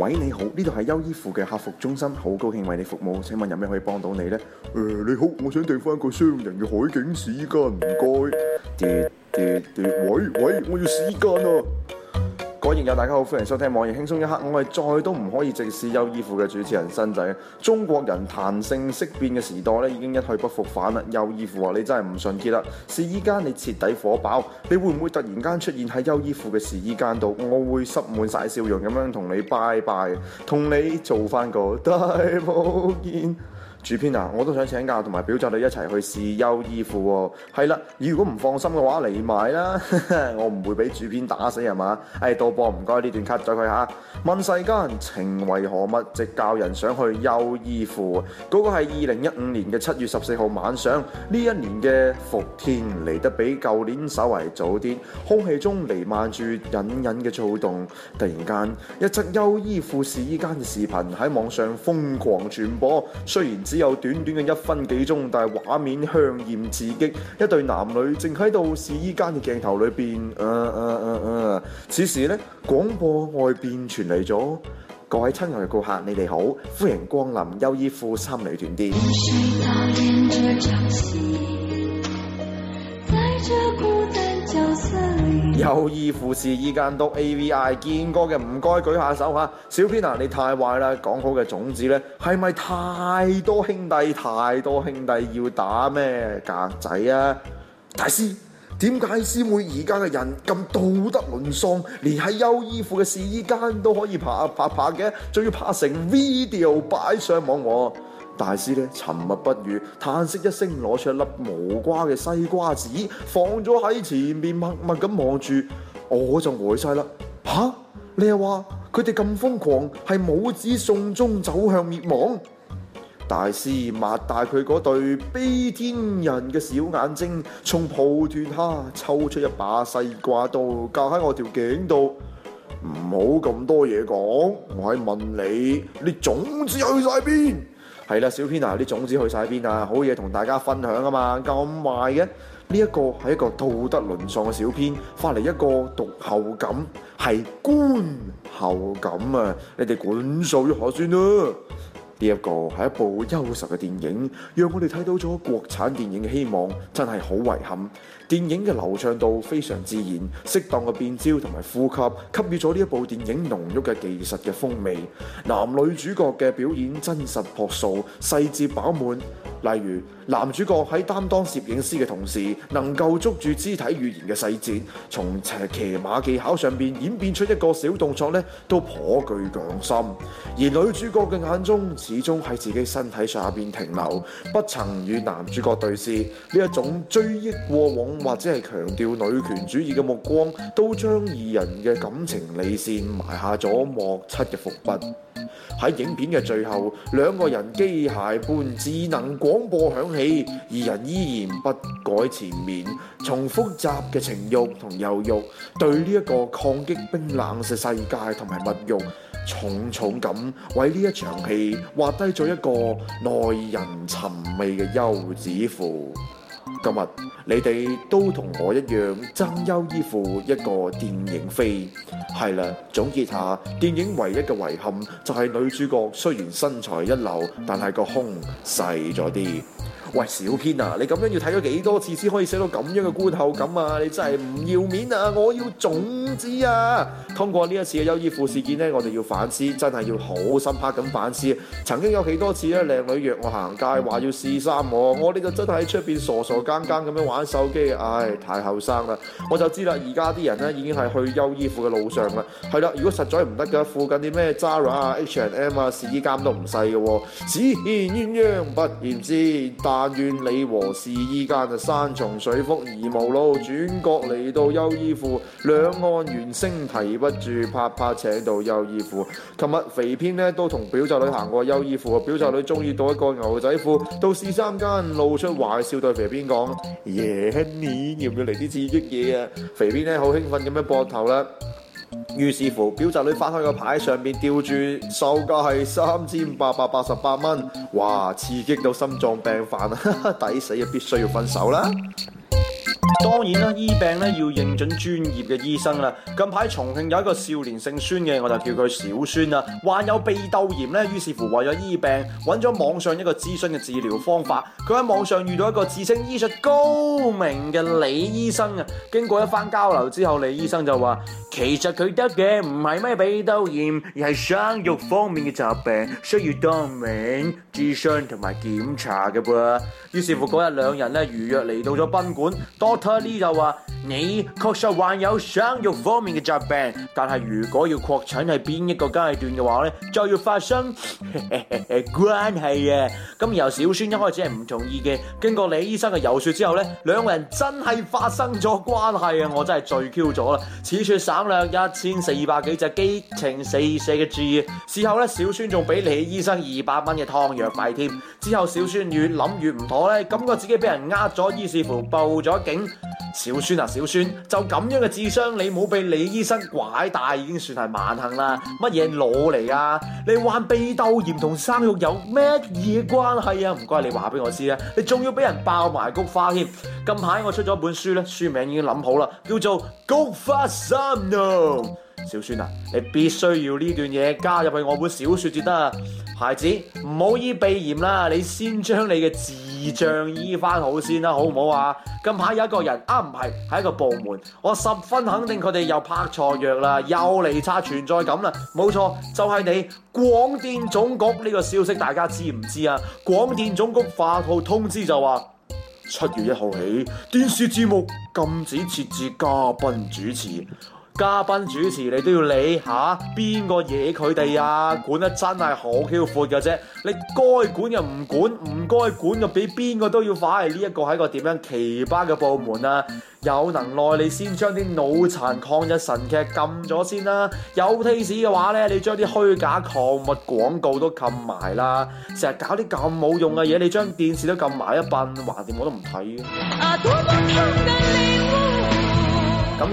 喂，你好，呢度係優衣庫嘅客服中心，好高興為你服務，請問有咩可以幫到你呢？誒、呃，你好，我想訂翻個雙人嘅海景試衣間，唔該。跌跌跌，喂、呃、喂、呃，我要試衣間啊！各位影友大家好，歡迎收聽網易輕鬆一刻。我係再都唔可以直視優衣庫嘅主持人新仔。中國人談性色變嘅時代咧，已經一去不復返啦。優衣庫話、啊、你真係唔純潔啦，試衣間你徹底火爆，你會唔會突然間出現喺優衣庫嘅試衣間度？我會濕滿晒笑容咁樣同你拜拜，同你做翻個大保健。主編啊，我都想請假，同埋表侄你一齊去試優衣庫喎、哦。係啦，如果唔放心嘅話嚟埋啦， 我唔會俾主編打死係嘛？唉，導、哎、播唔該呢段 cut 咗佢吓。問世間情為何物，直教人想去優衣庫。嗰、嗰個係二零一五年嘅七月十四號晚上，呢一年嘅伏天嚟得比舊年稍為早啲，空氣中彌漫住隱隱嘅躁動。突然間，一則優衣庫試衣間嘅視頻喺網上瘋狂傳播，雖然，只有短短嘅一分幾鐘，但係畫面香豔刺激，一對男女正喺度試衣間嘅鏡頭裏邊。嗯嗯嗯嗯，此時呢，廣播外邊傳嚟咗：各位親愛嘅顧客，你哋好，歡迎光臨優衣庫三里屯店。 優衣庫試衣間都 AVI 見過嘅，唔該舉下手吓。小編啊，你太壞啦！講好嘅種子咧，係咪太多兄弟，太多兄弟要打咩格仔啊？大師，點解師妹而家，嘅人咁道德淪喪？連喺優衣庫嘅試衣間都可以拍拍拍嘅，仲要拍成 video 擺上網喎？大師咧，沉默不語，嘆息一聲，攞出一粒無瓜嘅西瓜子，放咗喺前面，默默咁望住。我就呆晒啦。吓、啊？你又話佢哋咁瘋狂，係母子送終走向滅亡。 大師擘大佢嗰對悲天人嘅小眼睛，從抱斷下抽出一把西瓜刀，架喺我條頸度。唔好咁多嘢講，我係問你，你總之去晒邊？係啦，小編啊，啲種子去晒邊啊？好嘢同大家分享啊嘛，咁壞嘅呢一個係一個道德淪喪嘅小編，發嚟一個讀後感係觀後感啊！你哋管數一下先啦。呢一個係一部優秀嘅電影，讓我哋睇到咗國產電影嘅希望。真係好遺憾，電影嘅流暢度非常自然，適當嘅變焦同埋呼吸，給予咗呢一部電影濃郁嘅技術嘅風味。男女主角嘅表演真實樸素、細節飽滿。例如男主角喺擔當攝影師嘅同時，能夠捉住肢體語言嘅細節，從騎馬技巧上邊演變出一個小動作咧，都頗具匠心。而女主角嘅眼中，始終喺自己身體上邊停留，不曾與男主角對視。呢一種追憶過往或者係強調女權主義嘅目光，都將二人嘅感情裏線埋下咗莫測嘅伏筆。喺影片嘅最後，兩個人機械般智能廣播響起，二人依然不改前面，從複雜嘅情欲同誘惑，對呢一個抗擊冰冷嘅世界同埋物欲。重重咁為呢一場戲畫低咗一個耐人尋味嘅休止符。今日你哋都同我一樣爭優衣庫一個電影飛。係啦，總結下，電影唯一嘅遺憾就係女主角雖然身材一流，但係個胸細咗啲。喂，小編啊，你咁樣要睇咗幾多次先可以寫到咁樣嘅觀後感啊？你真係唔要面啊！我要種子啊！通過呢一次嘅優衣庫事件呢，我哋要反思，真係要好深刻咁反思。曾經有幾多次咧，靚女約我行街，話要試衫，我呢就真係喺出邊傻傻更更咁樣玩手機，唉，太後生啦！我就知啦，而家啲人呢已經係去優衣庫嘅路上啦。係啦，如果實在唔得嘅，附近啲咩 Zara 啊、H and M 啊、哦、試衣間都唔細嘅喎，只羨鴛鴦不羨仙。但願你和事間，依間就山重水複而無路，轉角嚟到優衣庫，兩岸猿聲啼不住，拍拍扯到優衣庫。琴日肥編呢都同表侄女行過優衣庫，表侄女中意到一個牛仔褲，到試衫間，露出壞笑對肥編講：，爺，你要唔要嚟啲刺激嘢啊？肥編呢好興奮咁樣膊頭啦。於是乎，表侄女翻開個牌，上面吊住售價係三千八百八十八蚊，哇！刺激到心臟病犯啊， 抵死啊，必須要分手啦～當然啦，醫病咧要認準專業嘅醫生啦。近排重慶有一個少年姓孫嘅，我就叫佢小孫啦，患有鼻竇炎咧，於是乎為咗醫病，揾咗網上一個諮詢嘅治療方法。佢喺網上遇到一個自稱醫術高明嘅李醫生啊。經過一番交流之後，李醫生就話：其實佢得嘅唔係咩鼻竇炎，而係生育方面嘅疾病，需要當面諮詢同埋檢查嘅噃。於是乎嗰日兩人咧如約嚟到咗賓館，當。他呢就話，你確實患有生育方面嘅疾病，但係如果要確診係邊一個階段嘅話咧，就要發生關係嘅。咁由小孫一開始係唔同意嘅，經過李醫生嘅遊說之後咧，兩個人真係發生咗關係啊！我真係醉 Q 咗啦，此處省略一千四百幾隻激情四射嘅字。事後咧，小孫仲俾李醫生二百蚊嘅湯藥費添。之後小孫越諗越唔妥咧，感覺自己俾人呃咗，於是乎報咗警。小孫啊，小孫，就咁樣嘅智商，你冇被李醫生拐帶已經算係萬幸啦。乜嘢腦嚟啊？你患鼻竇炎同生育有咩嘢關係啊？唔該你話俾我知啦。你仲要俾人爆埋菊花添。近排我出咗本書咧，書名已經諗好啦，叫做《菊花三娘》。小孫啊，你必須要呢段嘢加入去我本小說至得啊！孩子唔好醫鼻炎啦，你先將你嘅智障醫翻好先啦、啊，好唔好啊？近排有一個人啊，唔係，係一個部門，我十分肯定佢哋又拍錯藥啦，又嚟刷存在感啦，冇錯，就係、是、你廣電總局呢個消息，大家知唔知啊？廣電總局發號通知就話，七月一號起，電視節目禁止設置嘉賓主持。嘉賓主持你都要理下邊個惹佢哋啊，管得真係好僥闊嘅啫！你該管又唔管，唔該管又比邊個都要快。呢、這個、一個係個點樣奇葩嘅部門啊？有能耐你先將啲腦殘抗日神劇禁咗先啦，啊！有 taste 嘅話咧，你將啲虛假購物廣告都禁埋啦！成日搞啲咁冇用嘅嘢，你將電視都禁埋一班，橫掂我都唔睇。啊多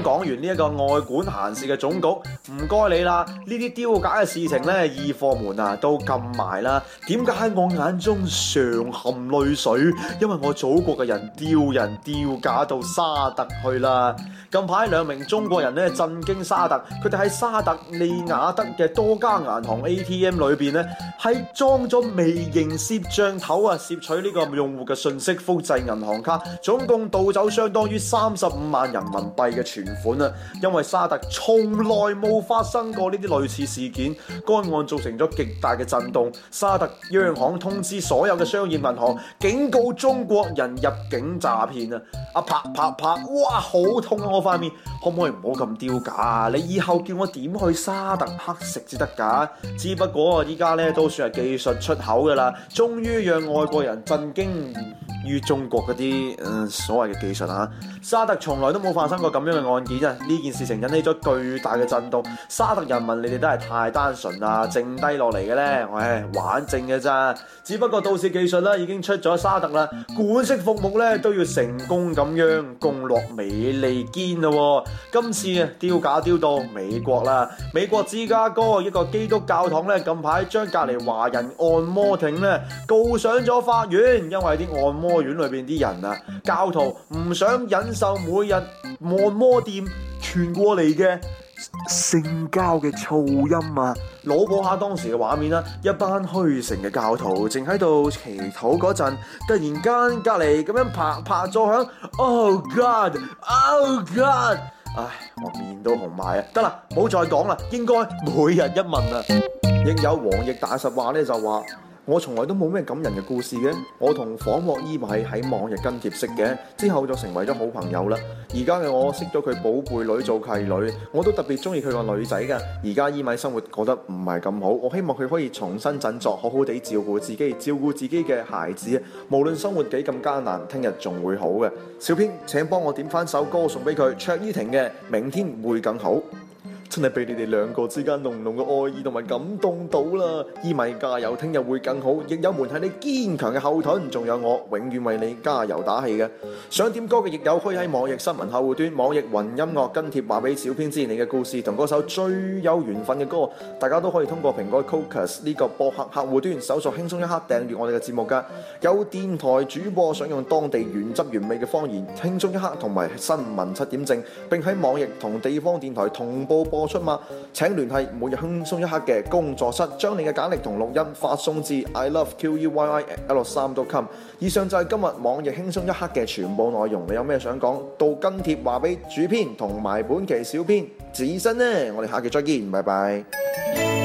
講完呢一個愛管閒事嘅總局。唔該你啦，呢啲丟架嘅事情咧，二貨們啊都撳埋啦。點解喺我眼中常含淚水？因為我祖國嘅人丟人丟架到沙特去啦。近排兩名中國人咧震驚沙特，佢哋喺沙特利雅得嘅多家銀行 ATM 裏邊咧，係裝咗微型攝像頭啊，攝取呢個用戶嘅信息，複製銀行卡，總共盜走相當於三十五萬人民幣嘅存款啊。因為沙特從來冇。冇發生過呢啲類似事件，該案造成咗極大嘅震動。沙特央行通知所有嘅商業銀行，警告中國人入境詐騙啊！啊啪啪，啪，哇，好痛啊我！我塊面可唔可以唔好咁丟架啊？你以後叫我點去沙特乞食至得㗎？只不過啊，依家咧都算係技術出口㗎喇，終於讓外國人震驚於中國嗰啲誒所謂嘅技術啊！沙特從來都冇發生過咁樣嘅案件啊！呢件事情引起咗巨大嘅震動。沙特人民你哋都係太單純啦，剩低落嚟嘅呢，我玩正嘅咋，只不過到時技術啦，已經出咗沙特啦，管式服務呢都要成功咁樣共落美利堅咯。今次啊，丟架丟到美國啦，美國芝加哥一個基督教堂呢，近排將隔籬華人按摩亭呢告上咗法院，因為啲按摩院裏邊啲人啊，教徒唔想忍受每日按摩店傳過嚟嘅。性交嘅噪音啊！腦補下，當時嘅畫面啦，一班虔誠嘅教徒正喺度祈禱嗰陣，突然間隔籬咁樣啪啪作響，Oh God，Oh God，, oh God 唉，我面都紅埋啊！得啦，冇再講啦，應該每日一問啊！應有黃奕大實話咧，就話。我從來都冇咩感人嘅故事嘅，我同仿莫伊米喺網易跟帖識嘅，之後就成為咗好朋友啦。而家嘅我識咗佢寶貝女做契女，我都特別中意佢個女仔㗎。而家伊米生活過得唔係咁好，我希望佢可以重新振作，好好地照顧自己，照顧自己嘅孩子。無論生活幾咁艱難，聽日仲會好嘅。小編請幫我點返首歌送俾佢，卓依婷嘅《明天會更好》。真係俾你哋兩個之間濃濃嘅愛意同埋感動到啦！依咪加油，聽日會更好，亦有門係你堅強嘅後盾，仲有我永遠為你加油打氣嘅。想點歌嘅亦友，可以喺網易新聞客戶端、網易雲音樂跟帖話俾小編知你嘅故事同嗰首最有緣分嘅歌。大家都可以通過蘋果 Cocus 呢個播客客戶端搜索《輕鬆一刻》，訂閱我哋嘅節目噶。有電台主播想用當地原汁原味嘅方言《輕鬆一刻》同埋新聞七點正，並喺網易同地方電台同步播。出嘛？請聯繫每日輕鬆一刻嘅工作室，將你嘅簡歷同錄音發送至 i love q u y i l 三 .com。以上就係今日網易輕鬆一刻嘅全部內容。你有咩想講？到跟帖話俾主編同埋本期小編。自身呢，我哋下期再見。拜拜。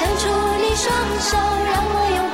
伸出你雙手，讓我擁。